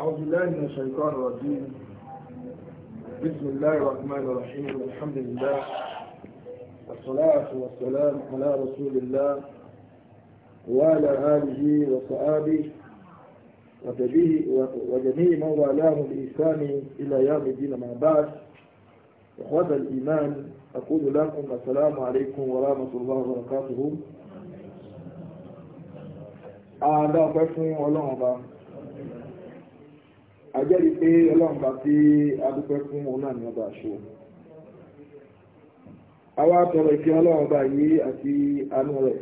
أعوذ بالله من الشيطان الرجيم بسم الله الرحمن الرحيم الحمد لله والصلاة والسلام على رسول الله وعلى آله وصحابه وجميع من والاه بإحسان إلى يوم الدين مع بعد إخوة الإيمان أقول لكم السلام عليكم ورحمة الله وبركاته أعداء بكم ولهم àjẹ́rìí pé tí a dúpẹ́ fún òun náà ní ọba àṣọ tọrọ ìfẹ́ ọba yìí àti rẹ̀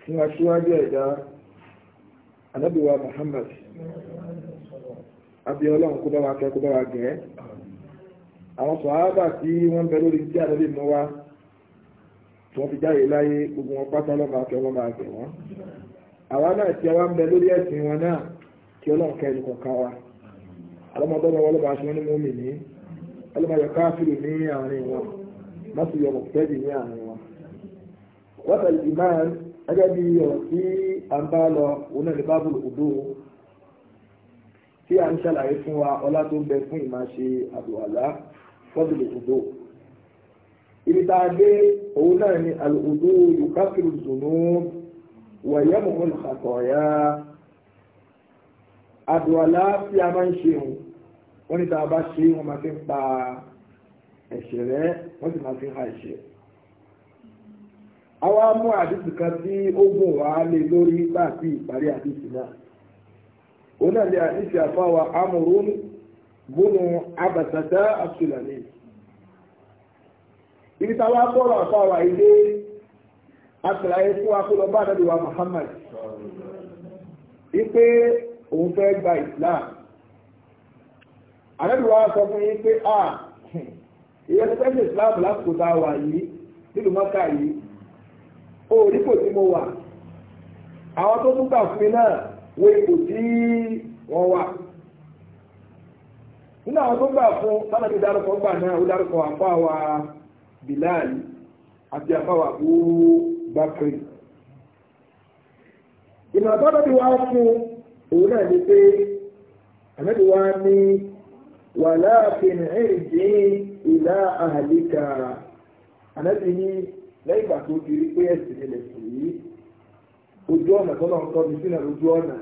fún aṣíwájú ẹ̀dá anábìwá Muhammad àbí ọlọ́run kó bá wa kẹ́ kó bá wa gẹ̀ẹ́ àwọn sọ̀hábà tí wọ́n bẹ lórí tí àdébì mọ́ wá tí wọ́n fi jáde láyé gbogbo wọn pátá lọ́ba kẹ́ gẹ̀ wọ́n àwa náà tí a ń bẹ kí ọlọ́run kẹ́ ẹni kọ̀ọ̀kan wa alọ́mọdọ́mọ wọn lọ́ba aṣọ onímọ̀ mi ní ọlọ́mọdé káfíìrì ní àárín wọn mọ́tò yọ̀bọ̀ pẹ́ẹ́dì ní àárín wọn. wọ́tà ìmáàn ẹgbẹ́ bí ọ̀rọ̀ tí a ń bá lọ òun náà ní bábùlù òdó tí a ń ṣàlàyé fún wa ọlá tó ń bẹ fún ìmáṣe àdùwàlá fọ́bùlù òdó. ibi tá a dé òun náà ní àlùkòdó yòókàfíìrì zùnú wàyẹ̀mùmùlù àtọ̀yà àdùwàlá tí a máa ń ṣe òun wọ́n ní tàbá ṣe wọ́n máa fi ń pa ẹ̀ṣẹ̀ rẹ̀ wọ́n sì máa fi ń ha ẹ̀ṣẹ̀. àwa mú àdìsí kan tí ó gùn wá lé lórí láti ìparí àdìsí náà. òun náà lè àdìsí àfáwà amòrún bónú abàtàtà àṣùlàní. ibi táwa bọ́rọ̀ àfáwà ilé àtàlàyé fún akólọ́bá àdàlùwà Muhammad. ipe òun fẹ́ gba islam àrẹ́lùwà sọ fún yín pé a ìyẹn fẹ́ sí islam lásìkò tá a wà yìí nílùú mọ́kà yìí ó rí kò tí mo wà àwọn tó tún kà fún mi náà wo ipò tí wọ́n wà nínú àwọn tó gbà fún lánàá tó dárúkọ gbà náà ó dárúkọ àpá wa bilal àti àpá wa bú bákiri ìmọ̀ àtọ́dọ̀ ti wá fún un òun náà ni pé àmẹ́bí wa ní wàhálà fìhìn ẹ̀rìndín ìlà àhàlíkà àmẹ́bí ní lẹ́yìn ìgbà tó ti rí pé ẹ̀sìn ilẹ̀ sí yìí ojú ọ̀nà tó náà ń tọ́ mi sínú ojú ọ̀nà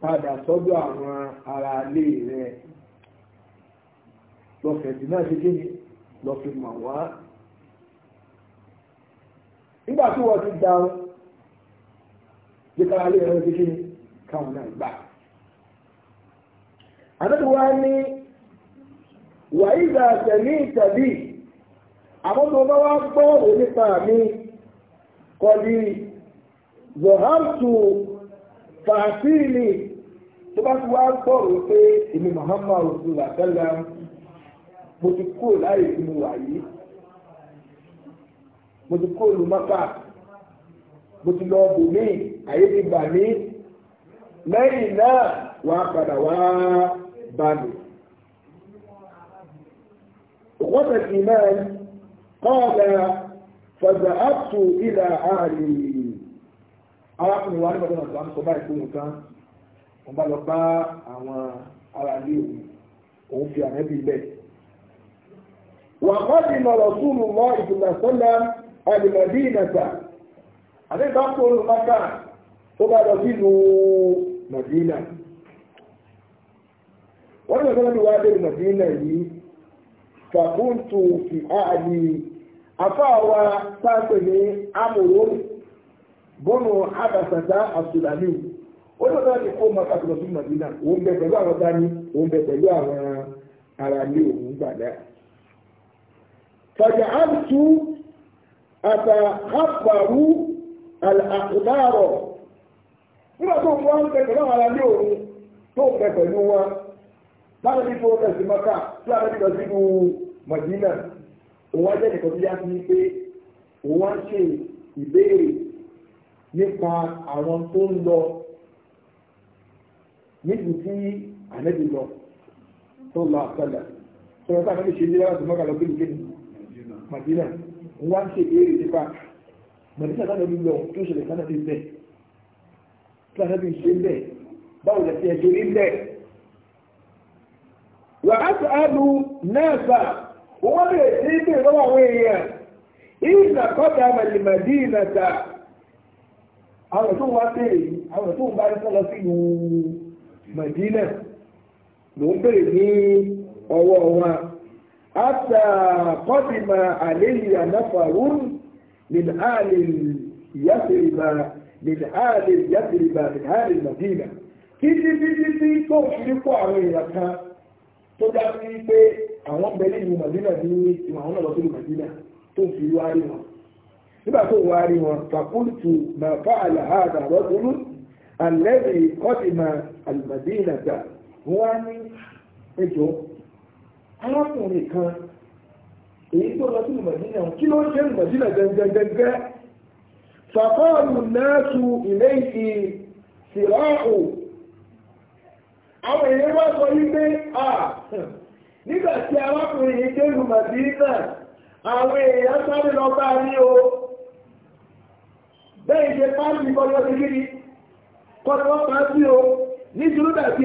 padà sọ́dọ̀ àwọn ará ilé rẹ̀ lọ́fẹ̀ẹ́sì náà ṣe kí ni lọ́fẹ̀ẹ́ mọ̀ wá nígbà tí wọ́n ti dáhùn jẹ́ kára ilé rẹ̀ ṣe kí ni káwọn náà gbà. àdọ́dọ̀wá ní wàyíza tẹ̀mí tàbí àmọ́tò bá wá gbọ́ onípa mi kọ̀dí zohamtu fàásìlì tó bá ti wá gbọ́ rò pé èmi Muhammad rasulullah sallam mo ti kó láyé tí mo wà yìí mo ti kó lu mọ́ta mo ti lọ bò mí àyè ti gbà mí lẹ́yìn náà wà padà wá balẹ̀. Òkúta ìmán kọ́ọ̀lá fàzà ápù ìlà ààrì arákùnrin wa nígbàtí wọn sọ bá ìpín nǹkan wọn bá lọ bá àwọn ará ilé òun òun fi àmẹ́bí ilẹ̀. Wà kọ́ọ̀lì lọ̀rọ̀ súnmù mọ́ ìdùnnà sọ́lá ìnàta. Àdébàpọ̀ olùmọ́ta tó bá lọ sí ìlú Madina wọ́n ní ọ̀sán lọ́dún wá dé Madina yìí fàkúntù fi ààlì afáwa sáàpè ní amòrò bọ́nù àbàsàtà àṣùlàmì ó ní ọ̀sán lọ́dún kó máa pàtó lọ sí Madina òun bẹ pẹ̀lú àwọn dání òun bẹ pẹ̀lú àwọn ara lé òun gbàdá. fàjà àbùtù àtàkàbàrú àlàkùnárọ̀ nígbà tó ń bọ́ ń bẹ pẹ̀lú àwọn aráàlú òun tó ń bẹ pẹ̀lú wọn láti ní fún ẹ̀sìn mọ́ká tí àwọn ẹ̀sìn lọ sí ìlú mọ̀dínà òun wá jẹ́ nìkan tó yá sí pé òun wá ń ṣe ìbéèrè nípa àwọn tó ń lọ níbi tí ànẹ́bí lọ tó lọ àtọ́là tó lọ sáà ṣe ìdílé láti mọ́ká lọ bí ìgbé mọ̀dínà òun wá ń ṣe ìbéèrè nípa mọ̀dínà sáà lọ lọ tó ṣẹlẹ̀ sáà lọ bí sáhábì ṣe bẹ́ẹ̀ báwo lẹ́sí ẹjọ́ rí bẹ́ẹ̀. wà á sọ àlù náà sà wọ́n lè ṣe é bèèrè lọ́wọ́ àwọn èèyàn ìgbà kọ́ta màlìmàdì ìnàta àwọn tó wá bèèrè àwọn tó bá ń lọ sí ìlú Màdínà ló ń bèèrè ní ọwọ́ wọn àtà kọ́tìmà من هذه يضرب من هذه المدينة títí títí tí tó fi rí kó àwọn èèyàn kan tó dá sí pé àwọn bẹ nínú Màdínà ní ìwọ̀n àwọn ọ̀dọ́ tó lù Màdínà tó fi wá rí wọn nígbà tó wá rí wọn fàkúntù máa fà àlàáda rọ́dúnú àlẹ́bí kọ́tìmà àlùmàdínà gbà wọ́n ní ẹjọ́ arákùnrin kan èyí tó lọ sí Màdínà kí ló ń ṣe Màdínà gẹ́gẹ́gẹ́gẹ́ فقال الناس إليه سراع àwọn èèyàn wá sọ wípé à nígbà tí arákùnrin yìí dérù màdínà àwọn èèyàn sáré lọ bá o bẹ́ẹ̀ ṣe pàtàkì kọjọ́ ti gidi kọjọ́ pàtàkì o ní ṣúrúdà sí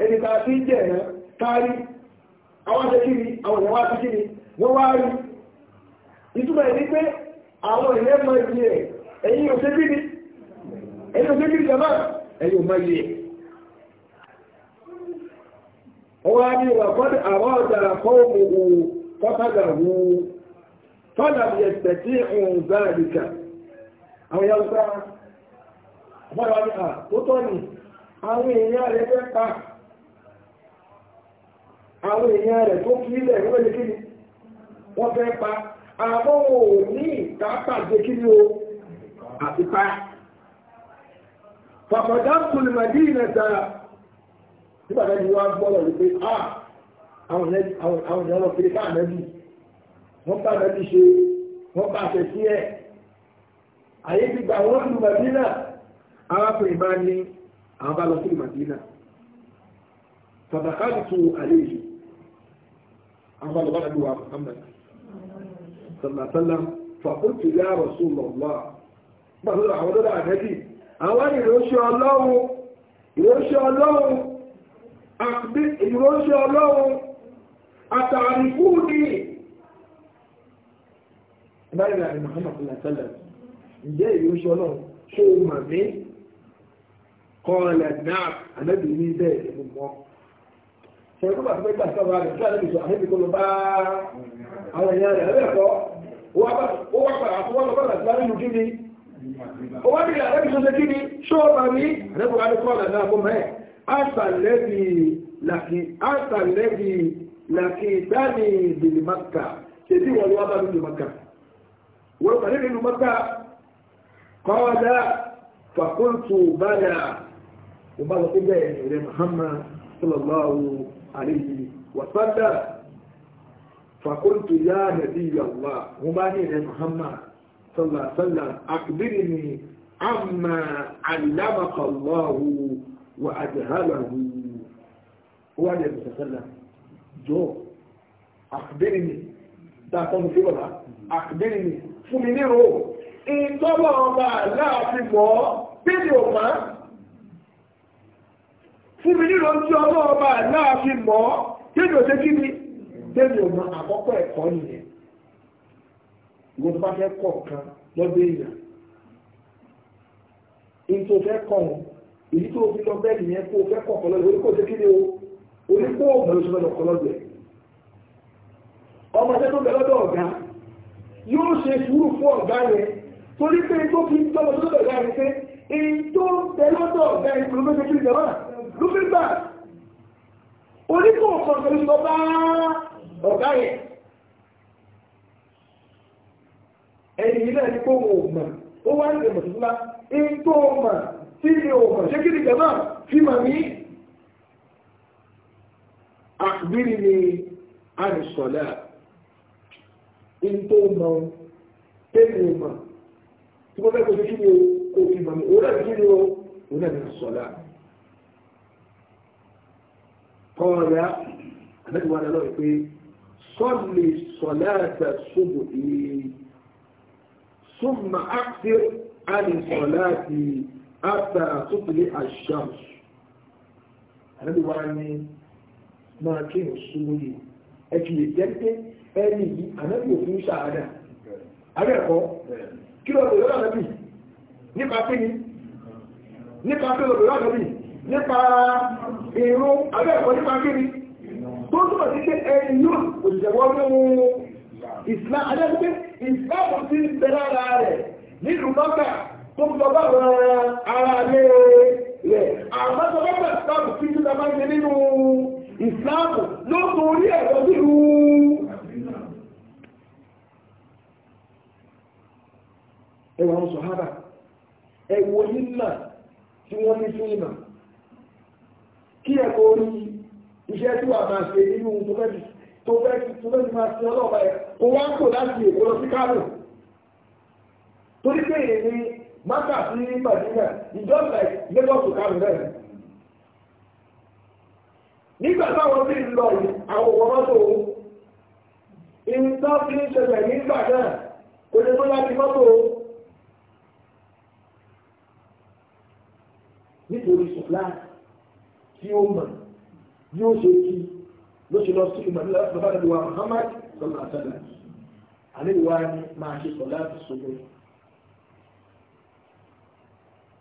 ẹgbẹ́ àti àwọn ṣe kiri àwọn èèyàn wá sí kiri wọ́n wá rí ìtumọ̀ ẹ̀ ní pé àwọn èèyàn mọ ìlú ẹ̀ ẹ̀yìn òṣèlú ni ẹ̀yìn òṣèlú ni jàmbá ẹ̀yìn òmọ ìlú ẹ̀ wọ́n á ní wà kọ́dí àwọn ọ̀dàrà kọ́ òmùwò kọ́tàgà wù tọ́lá bí ẹ̀sẹ̀ tí òun bá àdìkà àwọn ìyá ọgbà wọ́n wá ní à tó tọ́ ni àwọn èèyàn rẹ̀ fẹ́ pa àwọn èèyàn rẹ̀ tó fi ilẹ̀ wọ́n lè kíni wọ́n fẹ́ pa àmọ́ ò ní ìtàpàdé kíni o àti pa pàpàdá kùlùmọ̀dí ìrẹ̀ta nígbàtà ni wọ́n gbọ́lọ̀ wípé àwọn èèyàn lọ fi ká ànábì wọ́n bá ànábì ṣe wọ́n bá àṣẹ sí ẹ̀ àyè ti gbà wọ́n kùlùmọ̀dí náà arákùnrin bá ní àwọn bá lọ kùlùmọ̀dí náà fàbàkàlùtù àlejò أما لغاية أبوها محمد صلى الله عليه وسلم فقلت يا رسول الله ما هو العوض ده عن هدي أولي يروشي الله يروشي الله أقبل يروشي الله أتعرفوني báyìí náà ni muhammad sallallahu alaihi wa sallam ǹjẹ́ ìlú oṣù ọlọ́run ṣó o mà mí kọ́ ọ̀lẹ̀ náà àbẹ́bí ní bẹ́ẹ̀ ni mo mọ́ ṣẹ̀kọ́ bá ti fẹ́ gbà sọ́wọ́ rẹ̀ tí a lè sọ àhẹ́bí kó lọ bá àwọn èèyàn rẹ̀ lẹ́ẹ̀kọ́ ó wá padà tó wọ́n lọ bá làtí láàrin kí ni ó wá bìí àrẹ́bí tó ṣe kí ni ṣọ́ọ̀bà ní àrẹ́bí wà ní kọ́ọ̀lá náà kó mẹ́ àtàlẹ́bí làkì dání ìdìlì maka ṣe tí wọ́n wá bá ní ìlú maka wọ́n pàdé ní ìlú maka kọ́ọ̀lá fàkóntù bá dà ó bá lọ sí bẹ́ẹ̀ rẹ̀ Muhammad sallallahu عليه وسلم فقلت يا نبي الله هماني محمد صلى الله عليه وسلم أخبرني عما علمك الله وأجهله هو النبي صلى الله عليه وسلم جو أخبرني ده في ولا أخبرني فمنيرو إن طبعا لا في مو بيديو ما fún mi nílò tí ọlọ́ọ̀bá láàfin mọ́ tẹ́lẹ̀ òṣè kí ni tẹ́lẹ̀ ọmọ àkọ́kọ́ ẹ̀kọ́ nìyẹn ìwọ́n tó bá fẹ́ kọ̀ kan lọ́dọ̀ èèyàn èyí tó fẹ́ kọ̀ wọn èyí tó fi lọ bẹ́ẹ̀ nìyẹn kó fẹ́ kọ̀ kọlọ́dọ̀ orí kò ṣe kí ni o orí kó òmùlò ṣe lọ́dọ̀ kọlọ́dọ̀ ẹ̀ ọmọ tẹ́ tó bẹ lọ́dọ̀ ọ̀gá yóò ṣe sùúrù fún ọ̀gá rẹ̀ torí pé tó fi tọ́lọ́ sọ́dọ̀ ọ̀gá rẹ̀ pé èyí tó bẹ lọ́dọ̀ ọ̀gá rẹ̀ kò ló fẹ́ kí ni jọba ló fi gbà oníkó kọ̀ọ̀kan ló bá ọ̀gá yẹn ẹni ilé ẹni kó wò mọ̀ ó wá ń lè mọ̀ tuntun lá ń tó mọ̀ tí mi ò mọ̀ ṣé kí ni jẹ̀mọ́ fi mọ̀ mí àbírí ni a lè sọ̀lá ń tó mọ̀ tẹ́lẹ̀ mọ̀ tí wọ́n fẹ́ kó o kò fi mọ̀ mí òun náà kí ni o òun náà ní sọ̀lá kọ́ọ̀yà àmẹ́tìwá lọ́wọ́ pé sọ́ọ̀lì sọ̀láàtà ṣubù yìí súnmọ́ ápẹ́ àlè sọ̀láàtì ápẹ́ àtúntìlẹ̀ àṣàmù àmẹ́tìwá ni máa kí n súnmọ́ yìí ẹ̀kì ìjẹ́pẹ́ ẹni yìí àmẹ́tì òfin ṣàádà àbẹ́ẹ̀kọ́ kí lọ́dọ̀ lọ́dọ̀ nípa pé ní nípa pé lọ́dọ̀ lọ́dọ̀ bíi nípa ìrún abẹ́ẹ̀kọ́ nípa kíni tó túnbọ̀ sí pé ẹni yóò òṣìṣẹ́wọ́ nínú Islam adẹ́gbẹ́ Islam ti ń bẹ lára rẹ̀ nílùú mọ́kà tó ń lọ́gbà ara lé rẹ̀ àmọ́sọ́gbà Islam ti ń lọ́gbà ṣe nínú Islam ló torí ẹ̀rọ sílùú ẹwọ̀n sọ̀hábà ẹ̀wọ̀n nílà tí wọ́n ní fún ìmọ̀ kó rí iṣẹ́ tí wà máa ṣe nínú ohun tó fẹ́ tó fẹ́ tó fẹ́ ti máa ṣe ọlọ́ọ̀bá ẹ̀ kó wá ń kò láti èkó lọ sí Kánò torí pé èmi máta sí Nàìjíríà ìjọba Lagos to Kánò bẹ́ẹ̀ nígbà táwọn bí lọ àwọn òwò mọ́tò ìtọ́ fi ń ṣẹlẹ̀ nígbà náà kò lè tó láti mọ́tò nítorí sùn tí ó mọ̀ bí ó ṣe kí ló ṣe lọ sí ìmọ̀ lọ́ba ìlúwa Muhammad sọ̀rọ̀ àtàlà àléwá ni máa ṣe sọ̀ láti sọ̀rọ̀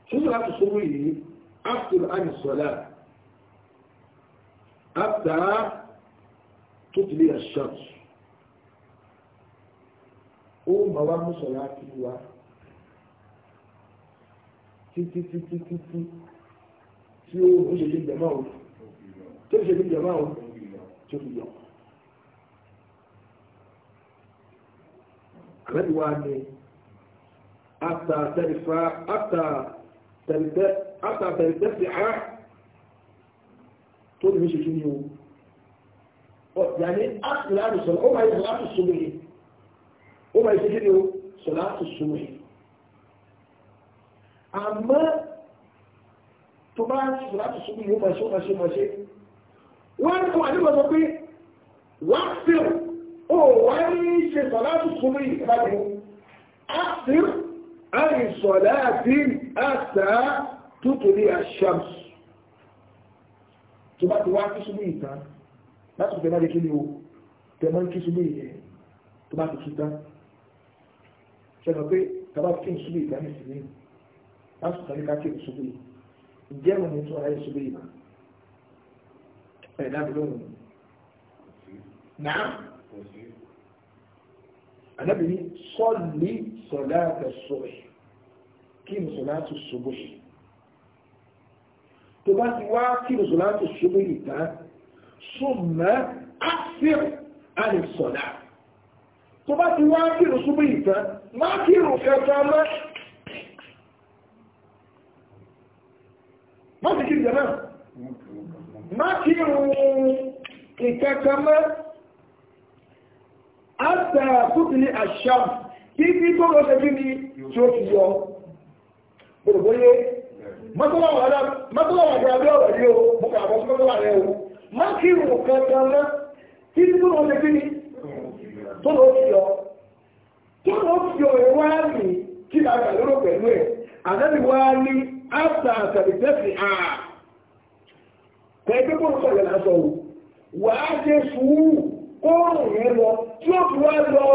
ṣùgbọ́n láti sọ̀rọ̀ yìí after àmì sọ̀lá after tó ti lè ṣọ́ọ̀tù ó mọ̀ wá mú sọ̀rọ̀ àti wá títí títí títí tí ó ń ṣe ṣe jẹ̀mọ́ o tí ó ṣe ṣe jẹ̀mọ́ o tí ó fi yọ. Àlẹ́bí wa ni àtà tẹ̀lifà àtà tẹ̀lifẹ́ àtà tẹ̀lifẹ́ sí ara tó ní ṣe ṣe ní o. Yàní àtìlá àrùsọ̀lá ó máa yẹ sọ̀lá àtùsùnmí ó máa yẹ ṣe ṣe ní o Àmọ́ tó bá sùn láti sùn yóò máa ṣe máa ṣe máa ṣe wọ́n kọ́ àdébọ̀ sọ pé wá fíl ó wá ní ṣe sọ láti sùn ní ìbáde á fíl á ní sọ láti àṣà tútù ní àṣàmù tó bá ti wá kí sùn ní ìta láti tẹ̀lé máa kí ni o tẹ̀lé máa kí sùn ní ìyẹn tó bá ti kí ta ṣe mọ̀ pé tàbá kí sùn ní ìta ní ìsinmi láti tẹ̀lé ká kí sùn ní ìta Germany tún ayé ṣubú yìí ẹ̀dá bí lóhùn náà ànábì ní sọ́ọ̀lì sọ̀lá àtẹ̀sọ̀ kí mùsùlá tó ṣubú yìí tó bá ti wá kí mùsùlá tó ṣubú yìí tán súnmọ́ áfíìrì àlè sọ̀lá tó bá ti wá kí mùsùlá tó má kí mùsùlá tó ṣubú má sì kí ìjẹ náà má kí irun ìkẹkẹ kí kí tó lọ ni tí ó fi yọ gbogbogbòye mọ́tọ́lọ́wọ̀ àgbàgbé ọ̀rọ̀ yìí o mo kà àbọ̀ mọ́tọ́lọ́wọ̀ rẹ o má kí irun ìkẹkẹ mọ́ ni yọ áfà àtàlìtẹ́sì àà pẹ̀lú pọ̀lọ̀pọ̀lọ̀ lásọ̀ wà á jẹ́ sùúrù kóòrùn yẹn lọ tí ó fi wá lọ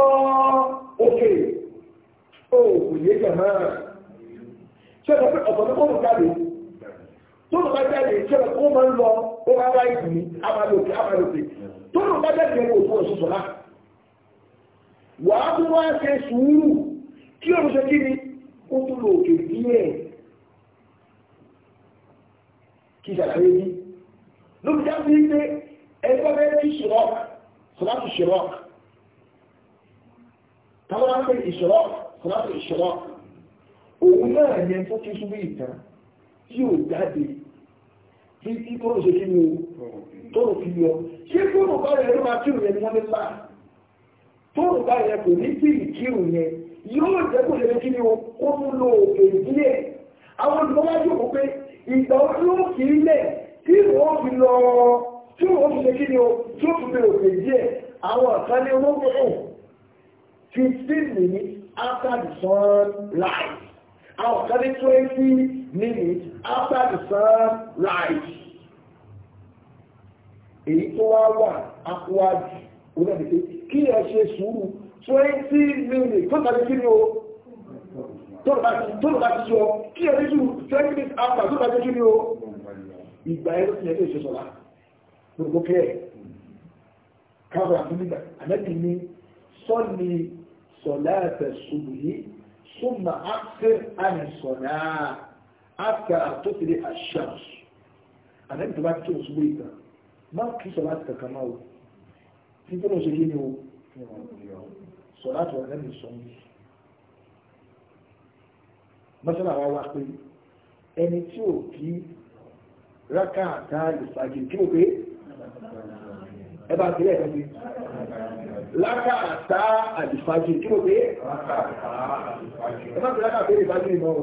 òkè òògùn yé jàmá ṣẹlẹ̀ pé ọ̀tọ̀ ní kóòrùn jáde tó lọ bá jáde ṣẹlẹ̀ kó máa ń lọ ó bá wá ìdùnnú abalòkè abalòkè tó lọ bá jáde yẹn kò tó ọ̀ṣun sọ̀lá wà á tún wá ṣe sùúrù kí òun ṣe kí ni ó tún lọ òkè díẹ̀ kí ìṣàlàyé bí ló fi já sí pé ẹgbẹ́ bẹ́ẹ̀ ní ṣìrọ́k sọ́láṣù ṣìrọ́k táwọn máa ń pè ìṣìrọ́k sọ́láṣù ìṣìrọ́k òun náà yẹn tó ti súnmọ́ ìtàn tí ò jáde tí tí kóró ṣe kí ni o tóró fi yọ ṣé kóró bá rẹ̀ ló máa kírun yẹn ni wọ́n ní lá tóró bá rẹ̀ kò ní tí ì kírun yẹn yóò jẹ́ kó lè kí ni o kó mú lo òkè ìdílé àwọn olùkọ́ wájú òkú pé ìgbà olówó kì í lẹ̀ tí wọ́n fi lọ tí wọ́n fi ṣe kí ni o tí wọ́n fi lè òkè díẹ̀ àwọn àkàlẹ̀ olówó ò fifteen minutes after the sun rise àwọn àkàlẹ̀ twenty minutes after the sun rise èyí tó wá wà akọwájú onídàbí pé kí ẹ ṣe sùúrù minutes tó tàbí kí tóòrò bá ti sọ kí ẹni jù 20 minutes after tó bá jẹ́ kí ni o ìgbà ẹ̀rọ ti ẹ̀kẹ́ ìṣẹ́sọ́lá gbogbo kẹ́ káàbà fún nígbà àmẹ́kì ni sọ́ni sọ̀lá ẹ̀fẹ̀ ṣubùyí súnmà áfẹ́ àìsọ̀lá áfẹ́ tó ti lé àṣàṣù àmẹ́kì tó bá ti tó ṣubú ìgbà máa kí sọ̀lá ti kàkà máa wò tí tó lọ ṣe kí ni o sọ̀lá tó wà lẹ́nu sọ̀rọ̀ mọ́sálà wa wá pé ẹni tí ò kí rákà àtà ìfàjì kí ó pé ẹ bá tilẹ̀ ẹ̀kan sí rákà àtà àdìfàjì kí ó pé ẹ bá tilẹ̀ àtà ìfàjì mọ́ o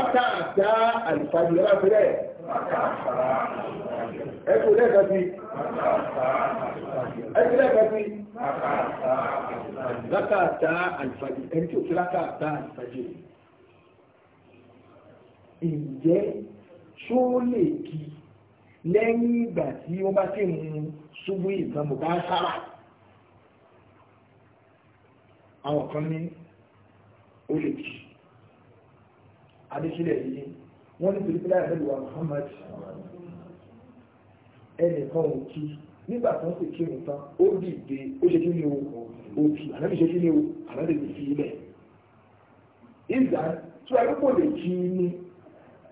àtà àdìfàjì ẹ bá tilẹ̀ sí ẹ sí rákà àtà àdìfàjì ẹni tí ò kí rákà àtà àdìfàjì ǹjẹ́ ṣó lè kí lẹ́yìn ìgbà tí ó bá ti mú ṣubú ìtàn bùbá sára àwọn kan ní ó lè kí adéṣílẹ̀ yìí wọ́n ní torí pílá ìbẹ̀lú wa Muhammad ẹnìkan ò kí nígbà tó ń pè kí òun tán ó dìde ó ṣe kí ni o òkì ànábì ṣe kí ni o ànábì fi ilẹ̀ ìgbà tí wọ́n kò lè kí ni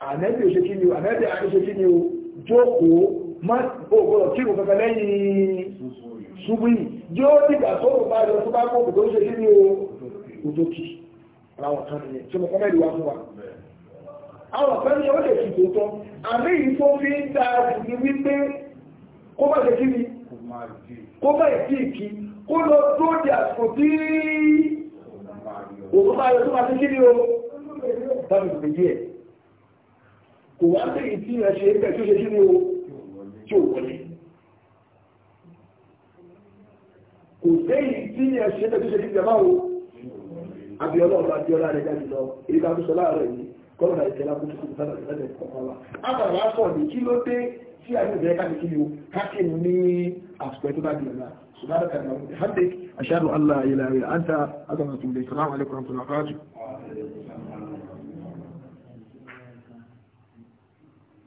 ànẹ́bí ò ṣe kí ni o ànẹ́bí àti ṣe kí ni o jókòó má ògbọ́dọ̀ kí òun kankan lẹ́yìn ṣubú yìí yóò dìgbà tó o bá yọ tó bá kó òkùnkùn ṣe kí ni o òdòkì àwọn kan nìyẹn tí mo kọ́ mẹ́rin wá fún wa àwọn kan ní ọdẹ kì tó tán àmì yìí tó fi ń da ìdí wípé kó má ṣe kí ni kó má ìdí ìkí kó lọ tó di àsìkò tí òun bá yọ tó má ṣe kí ni o bá mi gbèdé ẹ̀ kò wá sí ìtí rẹ̀ ṣe bẹ̀ tó ṣe kí ni o tí ò wọlé kò sí ìtí rẹ̀ ṣe bẹ̀ tó ṣe kí ni o abiola ọba abiola rẹ̀ jáde lọ èyí bá tó sọ láàárọ̀ yìí kọ́lọ̀ náà ìtẹ́lá kó tó kó sára ìtẹ́lẹ̀ kọ̀ọ̀kan wa a bàrà wá sọ̀ ní kí ló dé tí a yóò bẹ̀rẹ̀ káàkiri kí ni o káàkiri ní àsìkò ẹ̀tọ́ bá di ọ̀la subhanaka allahumma wa bihamdik ashhadu an la ilaha illa anta astaghfiruka wa atubu ilayk assalamu alaykum wa rahmatullahi wa barakatuh